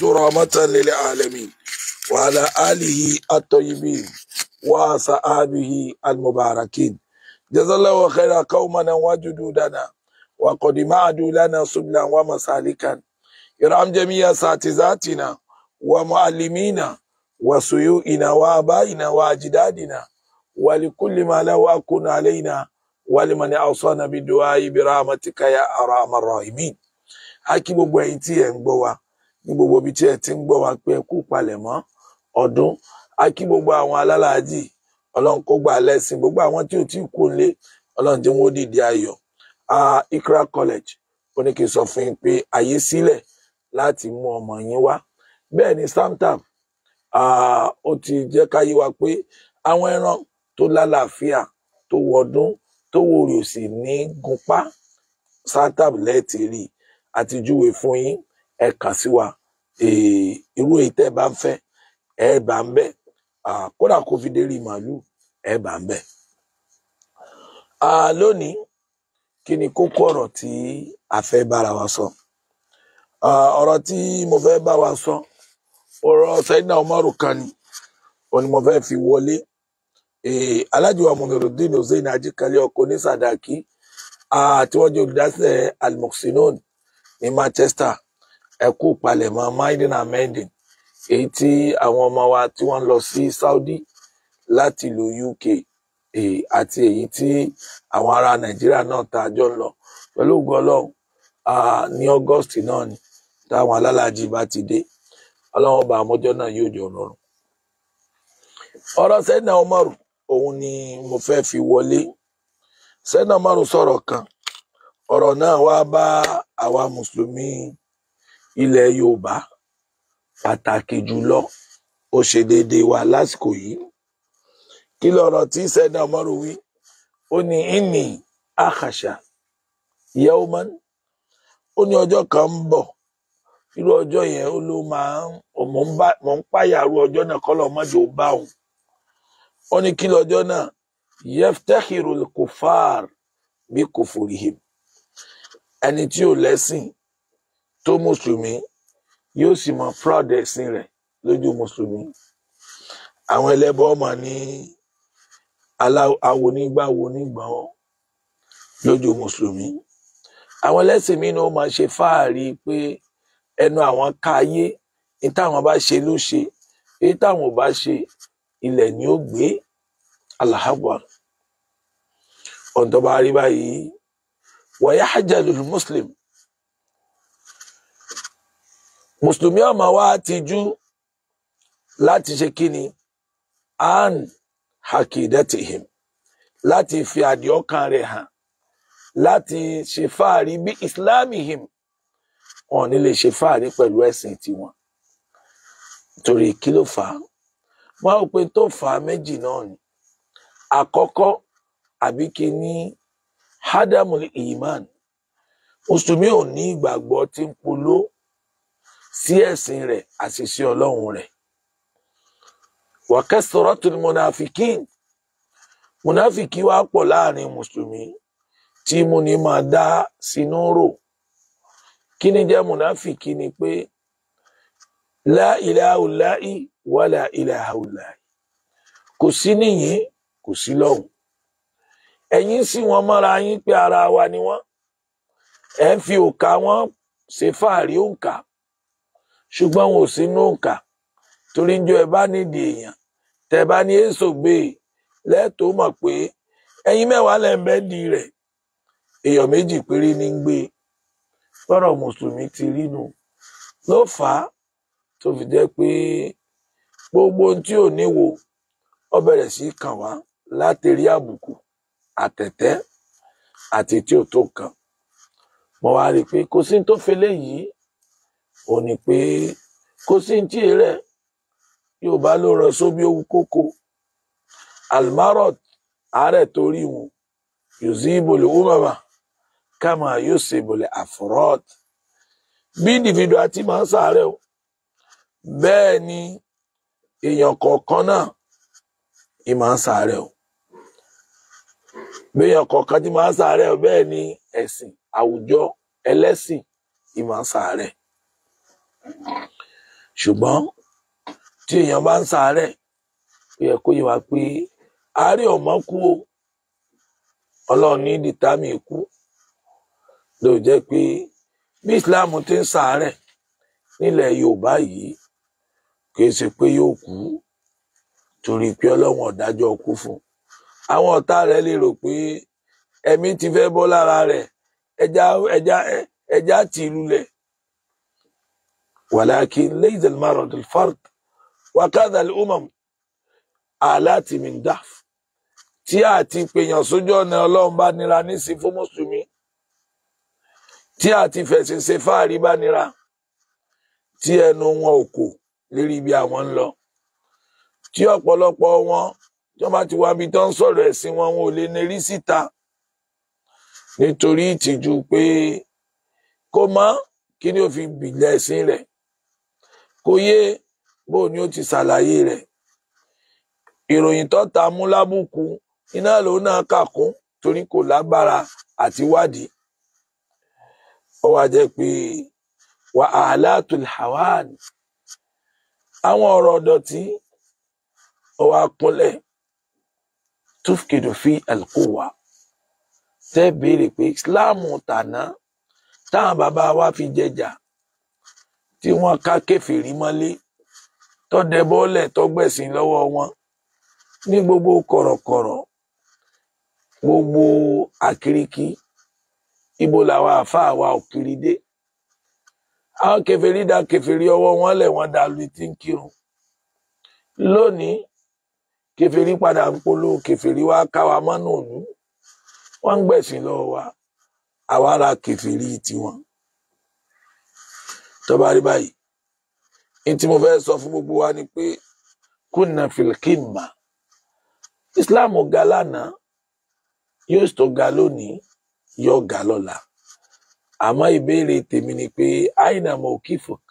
ذرامة للعالمين وعلى آله الطيبين وصحابه المباركين جزا الله خيرا قومنا وجدودنا وقد معدوا لنا سبلا ومسالكا يرحم جميع ساتذاتنا ومعلمينا وسيوئنا وآبائنا وأجدادنا ولكل ما له أكون علينا ولمن أوصانا بالدعاء برحمتك يا أرحم الراحمين. Aki gbogbo ẹ̀yin ní gbogbo ibi tí ẹ ti ń gbọ́ wa pé ẹ kú palẹ̀mọ́ ọdún a kí gbogbo àwọn alálàájì ọlọ́run kó gbà lẹ́sìn gbogbo àwọn tí ò tí kú nílé ọlọ́run jẹ́ wọ́n dìde ayọ̀ Ikra College ó ní kí n sọ fún yín pé àyè sílẹ̀ láti mú ọmọ yín wá bẹ́ẹ̀ ni stamtap ó ti jẹ́ ká yé wa pé àwọn ẹran tó lálàáfíà tó wọdún tó wòrì òsì ní gunpá stamtap lẹ́ẹ̀tì rí àtijúwe fún yín ẹ kàn sí wa irú èyí tẹ́ ẹ bá ń fẹ́ ẹ bá ń bẹ̀ kódà kó fi dérí màálùú ẹ bá ń bẹ̀. lónìí kí ni kókó ọ̀rọ̀ tí a fẹ́ bára wa sọ ọ̀rọ̀ tí mo fẹ́ bá wa sọ ọ̀rọ̀ Sayyidina Umaru kan ni ó ní mo fẹ́ fi wọlé alájùwà Munirudeen Hussein Ajíkalẹ̀ ọkọ ní Sàdákì àti wọ́n jẹ́ olùdásílẹ̀ al ní Manchester ẹ kú palẹ̀mọ́ minding and mending èyí tí àwọn ọmọ wa tí wọ́n lọ sí Saudi láti ìlú UK àti èyí tí àwọn ará Nàìjíríà náà tá a ń lọ pẹ̀lú ògùn ní August náà ni táwọn alálàájì bá ti dé Ọlọ́run ọba àmọ́jọ́ náà yóò jọ ọ̀nà ọ̀rọ̀ sẹ́nà Umaru òun ni mo fẹ́ fi wọlé sẹ́nà Umaru sọ̀rọ̀ kan ọ̀rọ̀ náà wá bá àwa mùsùlùmí ilẹ̀ yorùbá pàtàkì jùlọ ó ṣe déédéé wa lásìkò yìí kí lọ̀rọ̀ tí sẹdá ọmọrò wí ó ní ìní àkàṣà yẹwọmọn ó ní ọjọ́ kan ń bọ̀ irú ọjọ́ yẹn ó ló máa ń mọ ń páyàrú ọjọ́ náà kọlọ mọjọ bá òun ó ní kí lọ́jọ́ náà yeftekhirul kufar bí kufurihim ẹni tí ò lẹ́sìn tó mùsùlùmí yóò sì mọ proud ẹ̀sìn rẹ̀ lójú mùsùlùmí àwọn ẹlẹ́bọ ọmọ ní awo nígbàwo nígbàwọ lójú mùsùlùmí àwọn ẹlẹ́sìn mi ni ó máa ṣe fáàrí pé ẹnu àwọn káyé ní táwọn bá ṣe ló ṣe èyí táwọn ò bá ṣe ilẹ̀ ni ó gbé alahagba ọ̀n tó bá rí báyìí wọ̀nyá hajjalul muslim mùsùlùmí ọmọ wa ti jú láti ṣe kíni an hakidatihim láti fi àdìọ́kàn rẹ̀ hàn láti ṣe fáàrí bí islamihim wọn ní lè ṣe fáàrí pẹ̀lú ẹ̀sìn tiwọn torí kí ló fà á wọn ò pe tó fà á méjì náà ni àkọ́kọ́ àbí kí ní hadamul iman mùsùlùmí ò ní ìgbàgbọ́ tí ń polówó sí ẹ̀sìn rẹ̀ àti sí ọlọ́run rẹ̀ wa kasratul munafikin munafiki wá pọ̀ láàrin mùsùlùmí tí mo ní máa dá sínú rò kí ni jẹ́ munafiki ni pé la ilaha ullahi wala ilaha ullahi kò sí níyìn kò sí lọ́hùn ẹ̀yin sì wọ́n mọ́ra yín pé ara wa ni wọ́n ẹ̀ ń fi òǹkà wọn ṣe fáàrí òǹkà ṣùgbọ́n si ò sí inú ẹ bá nídìí èèyàn tẹ ní èso gbé e, pé mẹ́wàá di rẹ̀ èèyàn méjì péré ní ń gbé e. bọ́rọ̀ mùsùlùmí ti rí nù ló fà á tó fi pé gbogbo tí ò níwo ó bẹ̀rẹ̀ sí kàn wá àbùkù àti tí ò tó kàn mo wá rí i ò ní pé kó sí ti rẹ yorùbá ló rọ sóbi owó kókó almarot àárẹ torí wọn yòzíbòlè wúmọmà kàmá yòsèbòlè àfọrọt bí individual àti máa ń sàárẹ o bẹ́ẹ̀ ni èèyàn kọ̀ọ̀kan náà ì máa ń sàárẹ o béèyàn kọ̀ọ̀kan ti máa ń sàárẹ o bẹ́ẹ̀ ni ẹ̀sìn àwùjọ ẹlẹ́sìn ì máa ń sàárẹ ṣùgbọ́n tí èèyàn bá ń ṣàárẹ̀ ó yẹ kó yẹ wá pé àárẹ̀ ọmọ kú o Ọlọ́run ní dìtámì ikú ló jẹ́ pé bí Islam ti ń ṣàárẹ̀ nílẹ̀ Yorùbá yìí kìí ṣe pé yóò kú torí pé Ọlọ́run ọ̀dájọ́ kú fún àwọn ọ̀tá rẹ̀ lè rò pé ẹ̀mí ti fẹ́ bọ́ lára rẹ̀ ẹja ẹja ẹja tì í lulẹ̀ ولكن ليس المرض الفرد وكذا الأمم آلات من ضعف tí àti pèèyàn sójú ọ̀nà ọlọ́run bá nira nísì fún mùsùlùmí tí àti fẹ̀sìn ṣe fáàrí bá nira tí ẹnu wọn ò kò lérí ibi àwọn ń lọ tí ọ̀pọ̀lọpọ̀ wọn tí wọ́n bá ti wá ibi tó ń sọ̀rọ̀ ẹ̀sìn wọn wọn ò lè nerí síta nítorí ìtìjú pé kó mọ́ kí ni ó fi bìlẹ̀ ẹ̀sìn rẹ̀ kò yé bó ni ó ti ṣàlàyé rẹ̀ ìròyìn tó ta mú lábùkù iná lòun náà kà kún torí kò lágbára àti wádìí ó wá jẹ́ pé wa alatul hawan àwọn ọ̀rọ̀ ọ̀dọ̀tí ó wá kúnlẹ̀ tufkidu fi alquwa tẹ́ béèrè pé islam tàná táwọn bàbá wa fi jẹjà tí wọ́n ká kèfèrí mọ́lé tó dẹbọ́lẹ̀ tó gbẹ̀sìn lọ́wọ́ wọn ní gbogbo kọ̀rọ̀kọ̀rọ̀ gbogbo àkiriki ibo làwọn àáfàá wa ò kiri dé àwọn kèfèrí da kèfèrí ọwọ́ wọn lẹ̀ wọ́n da lu tí ń kírun lónìí kèfèrí padà ń polo kèfèrí wa káwa mọ́nú òlú wọ́n ń gbẹ̀sìn lọ́wọ́ wa àwa ara kèfèrí tiwọn tó bá rí báyìí ní tí mo fẹ́ sọ fún gbogbo wa ni pé kùnà fìlkìmà islam ga lánàá yóò tó ga lónìí yóò ga lọ́la àmọ́ ìbéèrè tèmi ni pé àyìnà mọ̀ òkì fòk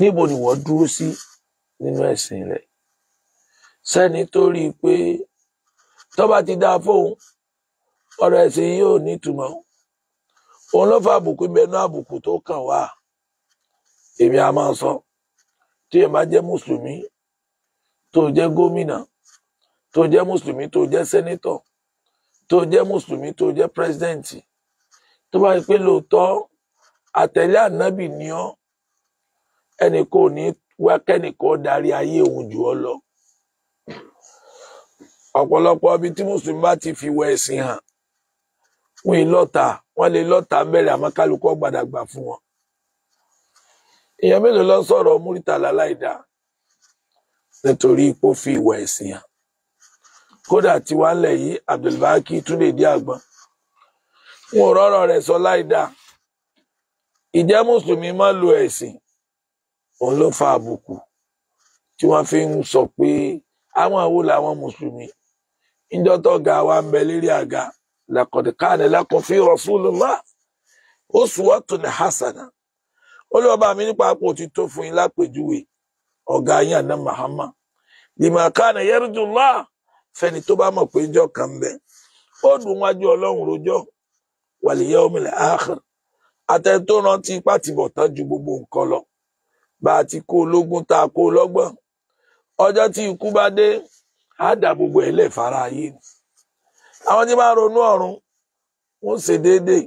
níbo ni wọ́n dúró sí nínú ẹ̀sìn rẹ̀ sẹ́ni tó rí i pé tó bá ti dáa fóun ọ̀rọ̀ ẹ̀sìn yóò nítumọ̀ òun ló fa àbùkù ìbẹ̀nú àbùkù tó kàn wá èmi a máa sọ tí ẹ bá jẹ́ mùsùlùmí tó jẹ́ gómìnà tó jẹ́ mùsùlùmí tó jẹ́ sẹ́nítọ̀ tó jẹ́ mùsùlùmí tó jẹ́ pírẹsidẹ́ǹtì tó bá yẹ pé lóòótọ́ àtẹ̀lé ànábì ni ọ́ ẹnì kò ní wá kẹ́nìkan darí ayé òun jù ọ́ lọ ọ̀pọ̀lọpọ̀ ibi tí mùsùlùmí bá ti fi wọ ẹ̀sìn hàn wọn lọ́ta wọn lè lọ́ta bẹ̀rẹ̀ àmọ́ kálukú gbàdàgbà fún wọn èèyàn mélòó lọ sọ̀rọ̀ Muritala láìdáa nítorí ipò fi ìwà ẹ̀sìn hàn kódà tí wàá lẹ̀ yìí Abdulbaki Túndé dí àgbọn wọn ò rọrọ rẹ̀ sọ láìdáa ìjẹ́ mùsùlùmí máa lo ẹ̀sìn òun ló fa àbùkù tí wọ́n fi ń sọ pé àwọn àwo làwọn mùsùlùmí níjọ́ ga wa ń bẹ lérí àga laqad kana lakum fi rasulillah hasana olóòbá mi nípa apò ti fún yín lápèjúwe ọ̀gá yín àná mahama lima kana yarjullah fẹ́ni tó bá mọ̀ pé ìjọ kan bẹ ó dùn Ọlọ́run rojọ́ rántí ju gbogbo nǹkan lọ bá a ti kó ológun tá a kó lọ́gbọ̀n ọjọ́ tí ikú bá dé á dà ayé àwọn tí máa ronú ọ̀run ṣe déédéé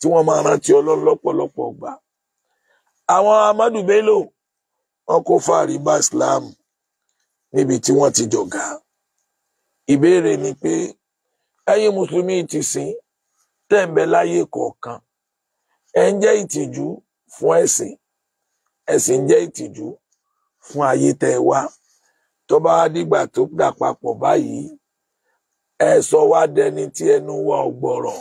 tí wọ́n máa rántí Ọlọ́run lọ́pọ̀lọpọ̀ gbà àwọn Amadu Bello wọn kó fàárí bá Islam níbi tí wọ́n ti jọ̀gá ìbéèrè ni pé ẹ̀yin mùsùlùmí ti sìn tẹ̀m̀bẹ̀ láyé kọ̀ọ̀kan ẹ̀ ń jẹ́ ìtìjú fún ẹ̀sìn ẹ̀sìn ń jẹ́ ìtìjú fún ayé tẹ́ ẹ wá tó dìgbà tó dà papọ̀ báyìí ẹ sọ wá dẹni tí ẹnu wa ò gbọ́rọ̀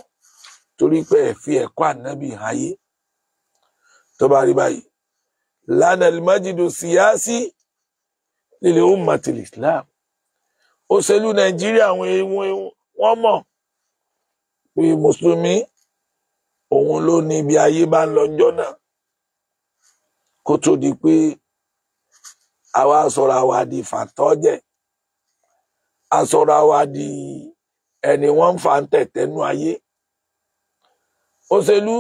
torí pé ẹ fi ẹ̀kọ́ ànábì hàn ayé tó bá rí báyìí lánà ìmájìdò síyáàsí lílẹ ummatil islam òṣèlú nàìjíríà àwọn ewu wọn mọ̀ pé mùsùlùmí òun ló ní ibi ayé bá ń lọ jọ́nà kó tó di pé àwa sọ̀rọ̀ àwa di fàtọ́jẹ̀ a àwa di ẹni wọ́n ń ń tẹ̀tẹ̀ nú ayé òṣèlú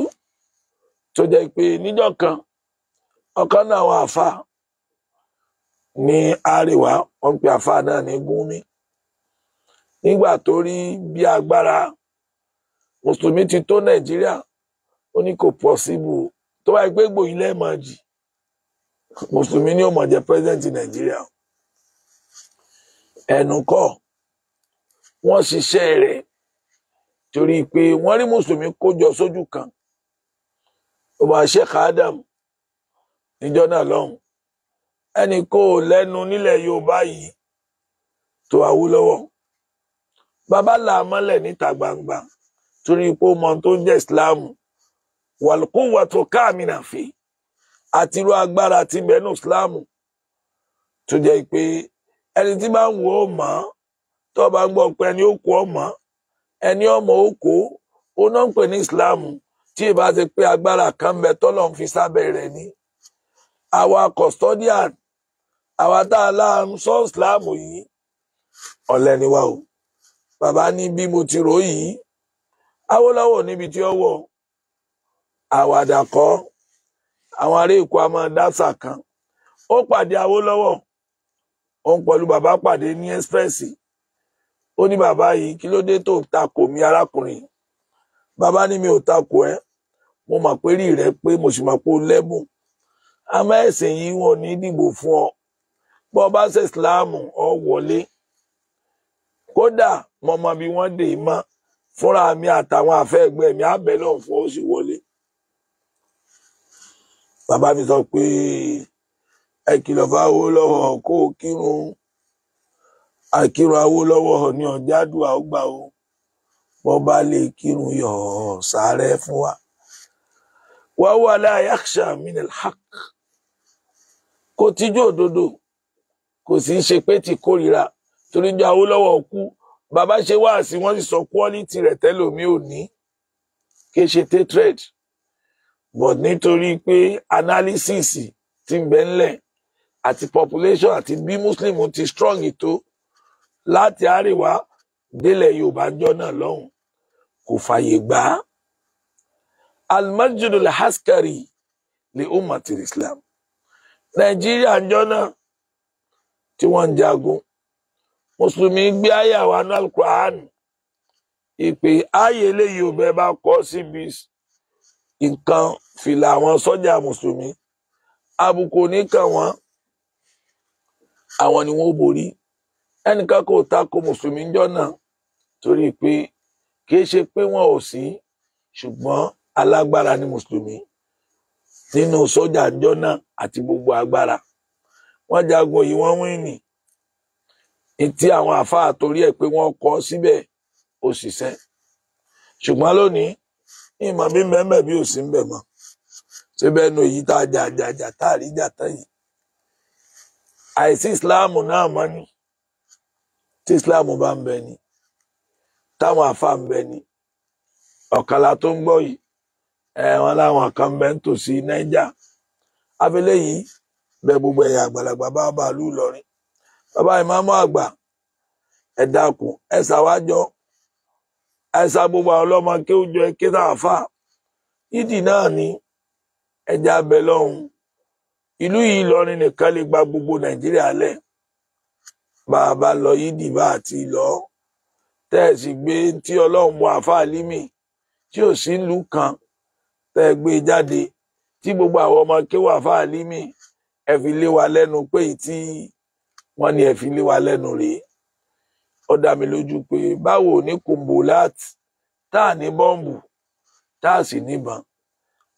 tó jẹ́ pé níjọ́ kan ọ̀kan náà wà àfa ní àríwá wọ́n pe àfa náà ní gúnmi nígbà tó rí bí agbára mùsùlùmí ti tó nàìjíríà ó ní kò pọsibú tó bá gbé gbòyìn lẹ́ẹ̀mọ́ jì mùsùlùmí ni ó mọ̀ jẹ́ president nàìjíríà ẹnu kọ́ wọ́n ṣiṣẹ́ rẹ̀ torí pé wọ́n rí mùsùlùmí kójọ sójú kan ọba sheikh adam níjọ́ náà lọ́hùn ẹnì kò lẹ́nu nílẹ̀ yorùbá yìí tó Awólọ́wọ̀ bàbá là á mọ́lẹ̀ níta gbangba torí pé ó mọ tó ń jẹ́ islam wàlúkúwà tó káàmìnà fi àti irú agbára ti bẹnu islam tó jẹ́ pé ẹni tí bá ń wò ó mọ́ tó bá ń gbọ́ pé ẹni ó kú ọ mọ́ ẹni ọmọ oko ó ní islam tí ì bá ti pé agbára kan bẹ tọ́lọ̀ ń fi sábẹ́ rẹ̀ ni àwa custodian àwa tá a láàánú sọ islam yìí ọ̀lẹ ni wa o bàbá ní bí mo ti rò yìí Awólọ́wò níbi tí ó wọ̀ àwàdà kọ́ àwọn ará èkó a máa dáṣà kan ó pàdé Awólọ́wò òun pẹ̀lú bàbá pàdé ní ẹ́sprẹ́sì ó ní bàbá yìí kí ló dé tó takò mí arákùnrin bàbá ní mi ò takò ẹ mo mà pé rí rẹ pé mo sì mà pé o lẹ́bùn àmọ́ ẹ̀sìn yìí wọn ní dìbò fún ọ bọ́ bá ṣe ìsìláàmù ọ wọlé kódà mọ̀mọ́ bí wọ́n dè mọ́ fúnra mi àtàwọn àfẹ́gbẹ́ mi àbẹ̀ náà fún ó sì wọlé bàbá mi sọ pé ẹ kìlọ̀ fáwọn lọ́wọ́ kó o kírun akírun awólọ́wọ̀ ní ọjàdùà ó gbà ó wọn bá lè kírun yọ ọ sáré fún wa wà wà láyàkṣà minel haq kò tíjú òdodo kò sì ń ṣe pé ti kórìíra torí jọ awólọ́wọ̀ kú bàbá ṣe wáàsí wọn sì sọ quality rẹ̀ tẹlómi ò ní kì í ṣe tetrad but nítorí pé analysis ti ń bẹ ńlẹ̀ àti population àti bí muslim ti strong tó láti àríwá délẹ̀ yorùbá jọ náà lọ́hùn kò fààyè gbà á almajidul haskari li umati islam nàìjíríà jọ náà tí wọ́n ń jagun mùsùlùmí gbé àyà wa ní alukur'an ìpè ààyè eléyìí ò bẹ́ẹ̀ bá kọ́ síbi nǹkan fìlà àwọn sọ́jà mùsùlùmí àbùkù oníkan àwọn ni wọ́n borí ẹnìkan kò tako mùsùlùmí jọ náà torí pé kìí ṣe pé wọn ò sí ṣùgbọ́n alágbára ni mùsùlùmí nínú sójà jọ náà àti gbogbo agbára wọn jagun yìí wọn wíìnì tí àwọn àfáà torí ẹ̀ pé wọn kọ síbẹ̀ òṣìṣẹ́ ṣùgbọ́n lónìí ìmọ̀ bí mẹ́mẹ́ bí ò sí ń mọ́ síbẹ̀ nu èyí tá a jà jà jà tá a rí jà tán yìí àìsí ìsìláàmù náà mọ́ ni tí islam bá ń bẹ ni táwọn àfa ń bẹ ni ọ̀kàlà tó ń gbọ́ yìí wọn láwọn kan bẹ ń tòsí Niger abẹ́lé yìí bẹ gbogbo ẹ̀yà àgbàlagbà bá bàálù lọ́rin bàbá ìmáàmù àgbà ẹ dákun ẹ ṣàwájọ ẹ ṣà gbogbo àwọn ọlọ́mọ kéwùjọ ẹ kéta àfa yídì náà ni ẹja abẹ lọ́hùn ìlú yìí lọ́rin nìkan lè gba gbogbo Nàìjíríà lẹ́ẹ̀ bá a bá lọ yídì bá a ti lọ tẹ́ẹ̀sì gbé tí ọlọ́run mú àáfàá límì tí ò sí ìlú kan tẹ́ ẹ gbé e jáde tí gbogbo àwọn ọmọ kéwà àáfàá límì ẹ fi lé wa lẹ́nu pé tí wọ́n ní ẹ fi lé wa lẹ́nu rèé ó dá mi lójú pé báwo ní kòmbò láti tá à ní bọ́ǹbù tá a sì níbọn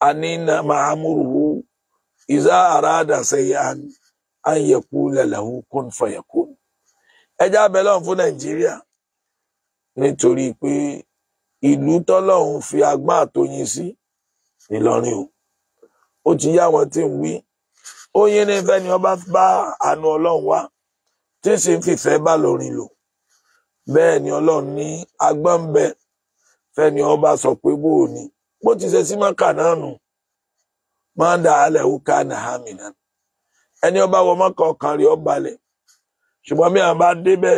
a ní na màámúrùú ìzá àràádà sẹ́yìn àyẹ̀kú lẹ́lẹ́hún kún fàyẹ̀kún. ẹjẹ abẹ́lọ́run fún nàìjíríà nítorí pé ìlú tọ́lọ́run fi agbá àtòyìn sí ìlọrin o ó ti yá wọn tí ń wí ó yín ní fẹ́ni ọba bá àánú ọlọ́run wá tí sì ń fìfẹ́ bá lórin lò bẹ́ẹ̀ ni ọlọ́run ní agbọ́n ń ni fẹ́ni bá sọ pé bó o ní bó ti ṣe sí mọ́kà náà nù máa ń dà á lẹ̀ ó ká nàhámì náà ẹni ọba wọ mọ́kà ọkàn rẹ̀ ó balẹ̀ ṣùgbọ́n bí àwọn bá débẹ̀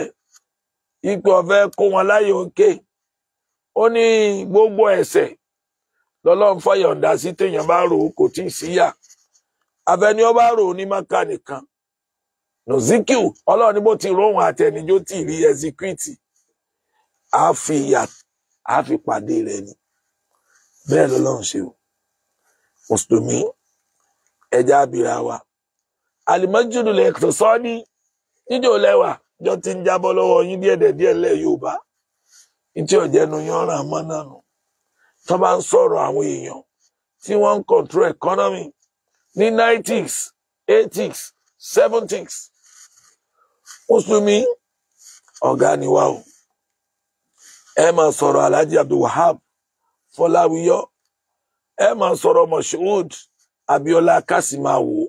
ipò ọ̀fẹ́ kó wọn láyè òkè ó ní gbogbo ẹ̀ṣẹ̀ lọ́lọ́run fọyọ̀ǹda sí téèyàn bá rò ó kò tí ì síyà àfẹni ó bá rò ó ní maka nìkan nozikiu ọlọ́run ní bó ti róhun àtẹnijó tì rí ẹsikúìtì á fi ìyà ni bẹ́ẹ̀ lọ́lọ́run ṣe o mùsùlùmí ẹja abìrà wa alimọ́júdùlẹ̀ ẹ̀kọ́ sọ́ọ́ jíjẹ ò lẹ́wà jọ ti ń jábọ́ lọ́wọ́ yín díẹ̀dẹ̀ díẹ̀ lẹ Yorùbá ìtí ọjẹnu mọ tọba nù tó àwọn èèyàn tí wọn ń control economy ní nineties eighties seventies mùsùlùmí ọ̀gá ni wá o ẹ máa sọ̀rọ̀ Alhaji ẹ máa sọ̀rọ̀ Abiola Kasimawo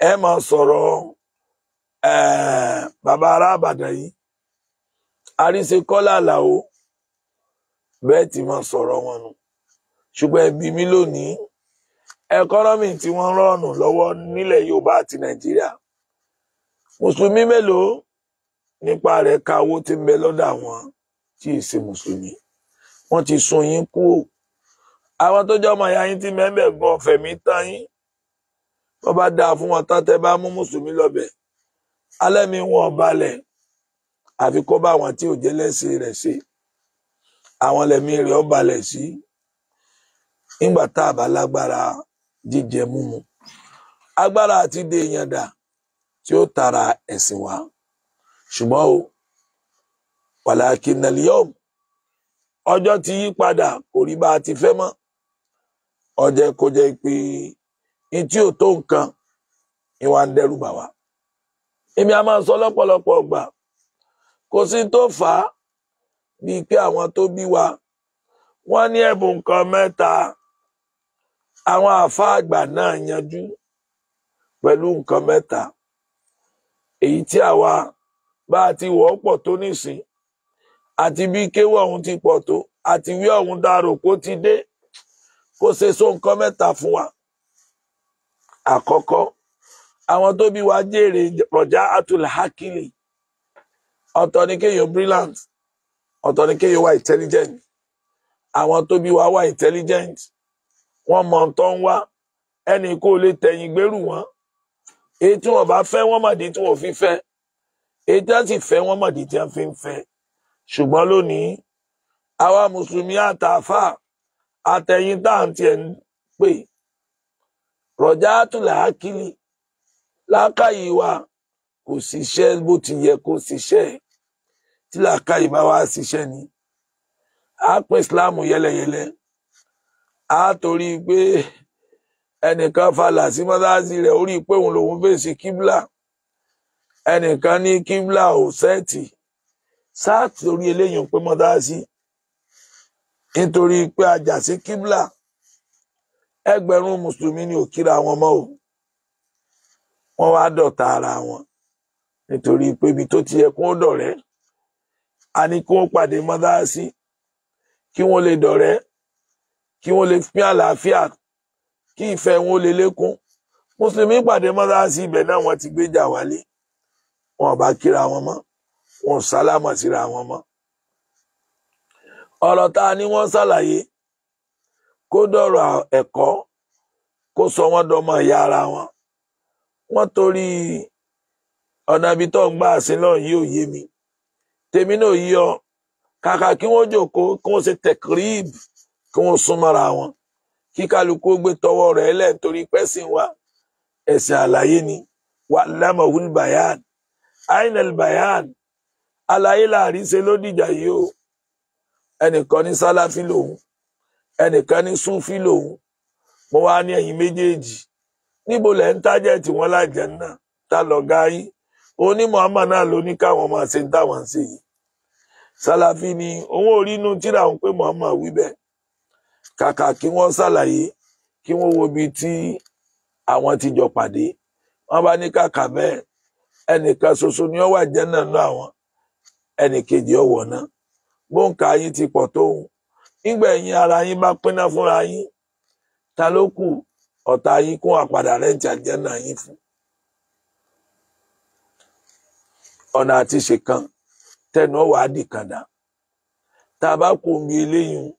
ẹ máa Eh, bàbá ará àbàdàn yìí àríṣe kọ́lá àlàó bẹ́ẹ̀ tí wọ́n sọ̀rọ̀ wọn nù ṣùgbọ́n ẹbí mi lónìí ẹkọ́nọ́mì tí wọ́n rọ̀nù lọ́wọ́ nílẹ̀ yorùbá àti nàìjíríà mùsùlùmí mélòó nípa rẹ̀ ka owó tí ń bẹ lọ́dọ̀ àwọn tí ì ṣe mùsùlùmí wọ́n ti sun yín kúrò àwọn tó jẹ́ ọmọ ìyá yín tí mẹ́ńbẹ̀ gan ọ̀fẹ́ tán yín wọ́n bá dáa fún wọn tán tẹ́ bá mú mùsùlùmí lọ́bẹ̀ẹ́ alẹ́ mi wọn balẹ̀ àfi kó bá àwọn tí ò jẹ́ lẹ́sìn rẹ̀ ṣe àwọn lẹ́mí rẹ̀ ó balẹ̀ sí nígbà tá a bá lágbára jíjẹ múmu agbára àti dé èèyàn dà tí ó tara ẹ̀sìn wá ṣùgbọ́n o wàláàkì nàlíọ́m ọjọ́ ti yí padà kò rí bá a ti fẹ́ mọ́ ọjẹ́ kó jẹ́ pé ní tí ò tó nǹkan ni ń dẹ́rù bà wá èmi a máa sọ lọ́pọ̀lọpọ̀ ọgbà kò sí tó fà á bíi pé àwọn tó bí wa wọ́n ní ẹ̀bùn kan mẹ́ta àwọn àáfàá àgbà náà yanjú pẹ̀lú nǹkan mẹ́ta èyí tí àwa bá ti wọ̀ ọ́ tó nísìn àti bí kéwọ́ ọ̀hún ti pọ̀ tó àti wí ọ̀hún dárò kó ti dé kó ṣe so nǹkan mẹ́ta fún wa àkọ́kọ́ àwọn tó bí wa jèrè rọjá atul hakili ọ̀tọ̀ ni kéèyàn brilliant ọ̀tọ̀ ni kéèyàn wà intelligent àwọn tó bí wa wà intelligent wọ́n mọ̀ tó ń wá ẹnì kó lè tẹ̀yìn gbèrú wọn èyí tí wọ́n bá fẹ́ wọ́n mọdì tí wọ́n fi fẹ́ èyí tí wọ́n sì fẹ́ wọ́n mọdì tí wọ́n fi ń fẹ́ ṣùgbọ́n lónìí àwa mùsùlùmí àtàfà àtẹ̀yìn tá à ń tiẹ̀ ń pè rọjá atul hakili làákàyè wa kò ṣiṣẹ́ bó ti yẹ kó ṣiṣẹ́ tí làákàyè bá wá ṣiṣẹ́ ni a pè ìsìláàmù yẹlẹyẹlẹ a torí pé ẹnìkan falà sí mọ́sáàsì rẹ̀ orí pé òun lòun fèsì kíbla ẹnìkan ní kíbla ò sẹ́ẹ̀tì sáàtì orí eléyìí pé mọ́sáàsì nítorí pé ajá sí kíbla ẹgbẹ̀rún mùsùlùmí ni ò kíra wọn mọ́ o wọ́n wá dọ̀tá ara wọn nítorí pé ibi tó ti yẹ kó dọ̀rẹ́ a ní kí wọ́n pàdé mọ́dáàsì kí wọ́n lè dọ̀rẹ́ kí wọ́n lè pín àlàáfíà kí ìfẹ́ wọn lè lékún mùsùlùmí pàdé mọ́dáàsì ibẹ̀ náà wọ́n ti gbéjà wálé wọn bá kíra wọn mọ́ wọn sálámà síra wọn mọ́ ọ̀rọ̀ tá a ní wọ́n ṣàlàyé kó dọ̀rọ̀ ẹ̀kọ́ kó sọ wọ́n dọmọ ìyá ara wọn wọ́n torí ọ̀nà ibi tó ń gbà sí náà yìí ò yé mi tèmi náà yí ọ kàkà kí wọ́n jòkóó kí wọ́n ṣe tẹ̀kírìb kí wọ́n súnmọ́ra wọn kí kálukú gbé tọwọ́ rẹ̀ lẹ̀ torí pẹ́sìn wa ẹ̀sìn àlàyé ni wà lámọ̀hún bayan ainel bayan àlàyé láàrin ṣe ló dìjà yìí o ẹnìkan ní sálàfí lòun ẹnìkan ní súnfí lòun mo wá ní ẹ̀yin méjèèjì níbo lẹ ń tájẹ́ tí wọ́n lájẹ́ náà tá lọ gáyín onímọ̀ àmà náà ló ní káwọn máa ṣe ń táwọn ṣe yìí sálàfí ni òun ò rí inú tíra òun pé Muhammad wí bẹ́ẹ̀ kàkà kí wọ́n ṣàlàyé kí wọ́n wo ibi tí àwọn ti jọ pàdé wọ́n bá ní kàkà bẹ́ẹ̀ ẹnìkan ṣoṣo ni ó wà jẹ́ náà nú àwọn ẹnìkejì ọ̀wọ̀ náà bóńkà yín ti pọ̀ tóun nígbà ẹ̀yìn ara yín bá pínná fúnra yín ta ló kù ọ̀tá yín kún àpàdà rẹǹtì àjẹnà yín fún ọ̀nà àti ṣe kan tẹnu ọwọ́ àdìkàndà tá a bá kò mi eléyìí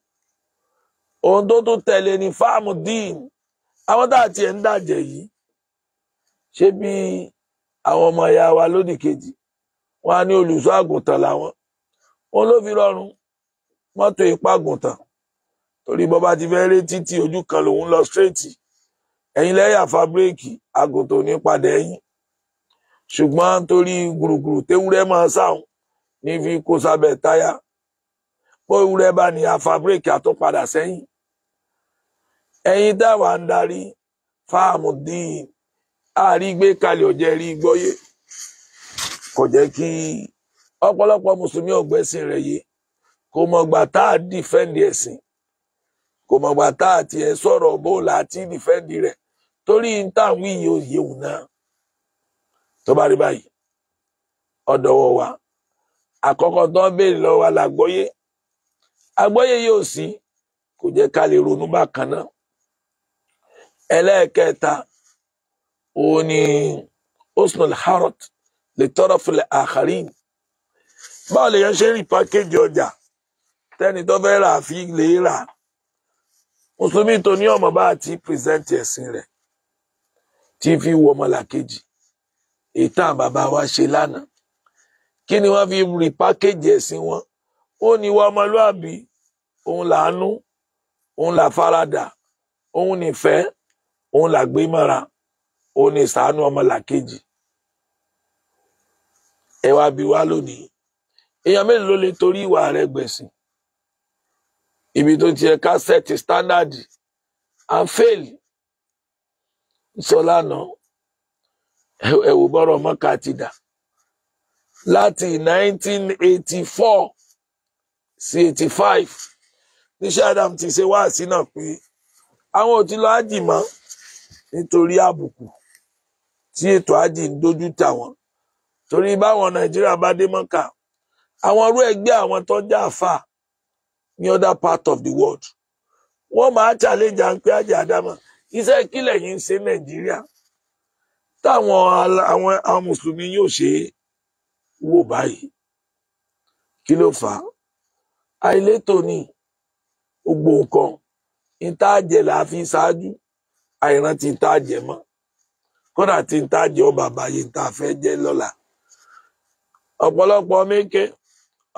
ohun tó tún tẹ̀lé ní fáàmù dín àwọn tá a tiẹ̀ ń dàjẹ́ yìí ṣé bí àwọn ọmọ ìyá wa lódì kejì wọn á ní olùṣọ́ àgùntàn làwọn wọn ló fi rọrùn mọ́tò ìpàgùntàn torí bọba ti fẹ́ rí títí ojú kan lòun lọ stréètì ẹ̀yin lẹ́yà fa búrẹ́kì àgùntàn ní padà ẹ̀yìn ṣùgbọ́n torí gùrùgùrù téwúrẹ́ máa sáhùn ní fi kó sábẹ́ táyà bó ewúrẹ́ bá ní afa búrẹ́kì padà sẹ́yìn Ẹyin táwa ń darí fáàmù dín rí gbọ́yé kò kí mùsùlùmí yé kò tá a torí táwọn yìí ò yé òun náà tó bá rí báyìí ọdọwọ wa àkọ́kọ́ tó ń béèrè lọ́wọ́ alágbóyé agbóyé yóò sí kò jẹ́ ká lè ronú bákan náà ẹlẹ́ẹ̀kẹta òun ni osnul harrod lè tọrọ fúnlẹ àkàrín báwo lè yan ṣe rí pákéjì ọjà tẹni tó fẹ́ rà fi lè rà mùsùlùmí tó ní ọmọ bá ti pírẹsẹ̀ntì ẹ̀sìn rẹ̀ tí fi wọ ọmọlàkejì ìtàn bàbá wa ṣe lánàá kí ni wọ́n fi rí pákéjì ẹ̀sìn wọn ó ní wá ọmọlúàbí òun làánú òun làfaradà òun nífẹ̀ẹ́ òun làgbémọ́ra òun ní ṣàánú ọmọlàkejì ẹ wá bí wá lónìí èèyàn mélòó ló lè torí ìwà rẹ̀ gbẹ̀sìn ibi tó ti ká sẹ́ẹ̀tì standard and sọ lánàá ẹ wò bọ́rọ̀ mọ́ka ti dà láti 1984 sí 85 ní Adam ti ṣe wáàsí náà pé àwọn ò ti lọ ájì mọ́ nítorí àbùkù tí ètò ájì ń dojú tà wọ́n torí báwọn Nàìjíríà bá dé mọ́ka àwọn ọrú ẹgbẹ́ àwọn tó ń jà fà ní other part of the world wọ́n máa challenge à ń pé àjẹ́ àdámọ̀ iṣẹ́ kílẹ̀ yìí ń ṣe nàìjíríà táwọn àwọn àwọn mùsùlùmí yóò ṣe wò báyìí kí ló fà á àìlétò ní gbogbo nǹkan ìtaàjẹ là á fi ṣáájú àìrántí ìtaàjẹ mọ́ kódà tí ìtaàjẹ ọba àbáyé tá a jẹ lọ́la ọ̀pọ̀lọpọ̀ méńké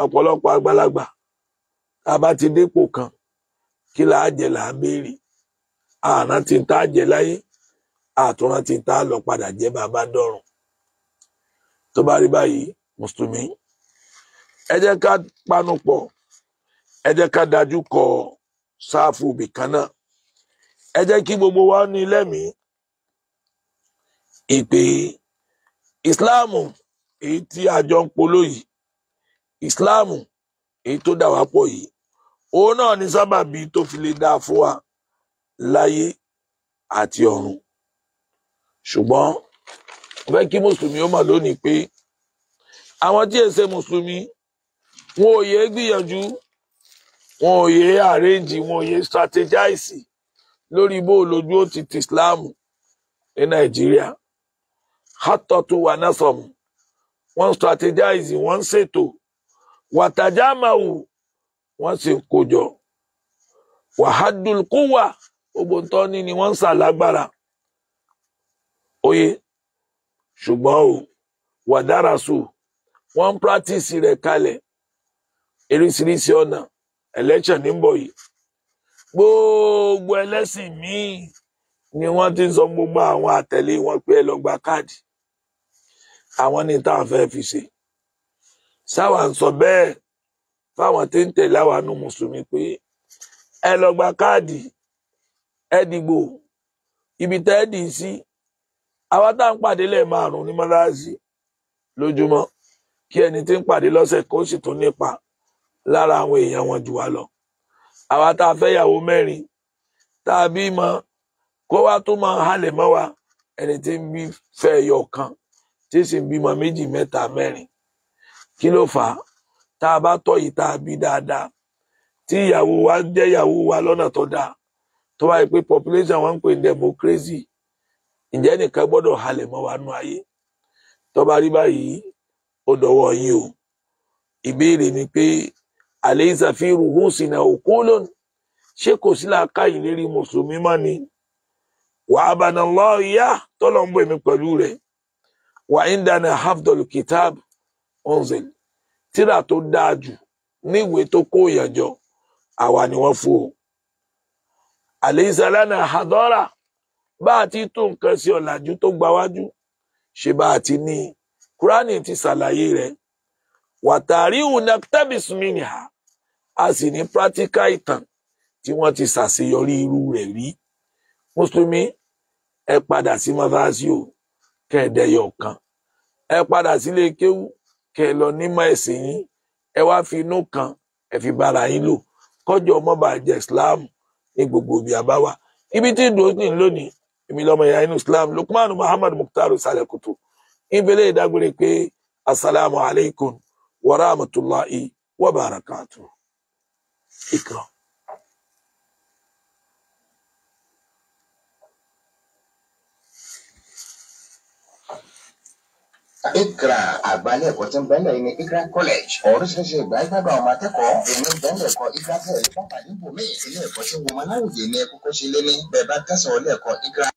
ọ̀pọ̀lọpọ̀ àgbàlagbà tá a bá ti dépò kan kí là á jẹ là á béèrè àrántí tá a jẹ láyé àtúrántí tá a lọ padà jẹ bàbá dọ̀run tó bá rí báyìí mùsùlùmí ẹ jẹ́ ká panupọ̀ ẹ jẹ́ ká dájú kọ sáàfù bìkan náà ẹ jẹ́ kí gbogbo wa ní lẹ́mìí ìpè ìsìláàmù èyí tí a jọ ń polo yìí ìsìláàmù èyí tó dà wá pọ̀ yìí òun náà ni sábàbí tó fi lè dáa fún wa láyé àti ọ̀run ṣùgbọ́n mo fẹ́ kí mùsùlùmí ó mọ̀ lónìí pé àwọn tí èsè mùsùlùmí wọn ò yé gbìyànjú wọn ò yé àrẹ́ǹjì wọn ò yé strategize lórí bó lójú ó ti ti Islam ní Nàìjíríà hátọ́ tó wà náà sọ̀mù wọ́n strategize wọ́n ṣètò wàtàjámàwù wọ́n sì kójọ wàhádùn kúwà gbogbo ń tọ́ ni wọ́n ń sà lágbára oyè ṣùgbọ́n o wàdárasù wọ́n ń pírátìsì rẹ̀ kalẹ̀ eríṣiríṣi ọ̀nà election ní bọ̀ yìí gbogbo ẹlẹ́sìn míì ni wọ́n ti ń sọ gbogbo àwọn àtẹ̀lé wọn pé ẹ lọ gba káàdì àwọn ní tá a fẹ́ fi ṣe sáwà ń sọ bẹ́ẹ̀ fáwọn tí ń tẹ̀lé àwọn àánú mùsùlùmí pé ẹ lọ gba káàdì ẹ dìgbò ibi tẹ́ ẹ dì í sí àwa tá à ń pàdé lẹ́ẹ̀ márùn-ún ní mọ́láàsì lójúmọ́ kí ẹni tí ń pàdé lọ́sẹ̀ kó sì tún nípa lára àwọn èèyàn wọn jù wá lọ àwa tá a fẹ́yàwó mẹ́rin tá a bí mọ kó wá tó máa halẹ̀ mọ́ wa ẹni tí ń bí fẹ́ ẹyọ kan tí sì ń bímọ méjì mẹ́ta mẹ́rin kí ló fà á tá a bá tọ́ yìí tá a bí dáadáa tí ìyàwó wa jẹ́ ìyàwó wa lọ́nà tó dáa tó wáyé pé population wọn ń pè democracy ǹjẹ́ nìkan gbọ́dọ̀ halẹ̀ mọ́ wa nú ayé tó bá rí báyìí ó dọwọ́ yín o ìbéèrè ni pé àlẹ́ ìsàfihàn òhún sínú òkú lónìí ṣé kò sí ni wàá bàdàn lọ́ọ́ ìyá tọ́lọ́ ń bọ̀ èmi pẹ̀lú rẹ̀ ń dáná hafdol kitab tíra tó àlẹ́yìnsá lánàá àdọ́rà bá a ti tó nǹkan sí ọ̀làjú tó gbawájú ṣe bá a ti ní kúránì ti ṣàlàyé rẹ̀ wàtàrí unactabis miniha a sì ní practical ìtàn tí wọ́n ti ṣàṣeyọrí irú rẹ̀ rí mùsùlùmí ẹ padà sí mọ́sáàsì o kẹ̀ẹ́dẹ́yọ̀ kan ẹ padà sílé kéwú kẹ lọ nímọ̀ ẹ̀sìn yín ẹ wá fi inú kan ẹ fi bára yín lò kọjọ ọmọ bàjẹ́ Islam ní gbogbo ibi àbáwá ibi tí dòní lónìí èmi lọmọ ìyá inú islam lukman muhammad mukhtar salekutu ìbẹ̀lẹ̀ ìdágbére pé asalaamu alaykum wa rahmatulahi wa barakatu ikram. ikra àgbálẹ̀ ẹ̀kọ́ tí ń bẹ́ńdẹ̀ yìí ikra college oríṣiríṣi ìgbà ìgbàgbà ọmọ akẹ́kọ̀ọ́ èmi ń bẹ́ńdẹ̀ ẹ̀kọ́ ikra tẹ̀lé fún pàdé bòmí ilé ẹ̀kọ́ tí wọ́n máa láwùjẹ ní ẹ̀kọ́ kó ṣe lé ní bẹ́ẹ̀ bá tẹ̀sán ọlẹ́ẹ̀kọ́ ikra.